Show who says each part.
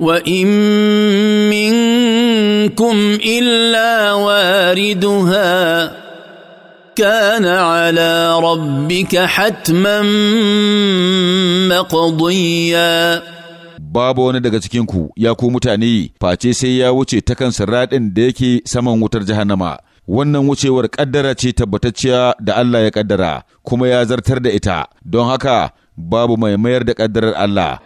Speaker 1: وان منكم الا واردها كان على ربك حتما مقضيا
Speaker 2: babu wani daga cikinku ya ku mutane face sai ya wuce ta kan da yake saman wutar jahannama wannan wucewar ƙaddara ce tabbatacciya da Allah ya ƙaddara kuma ya zartar da ita don haka babu mai mayar da ƙaddarar Allah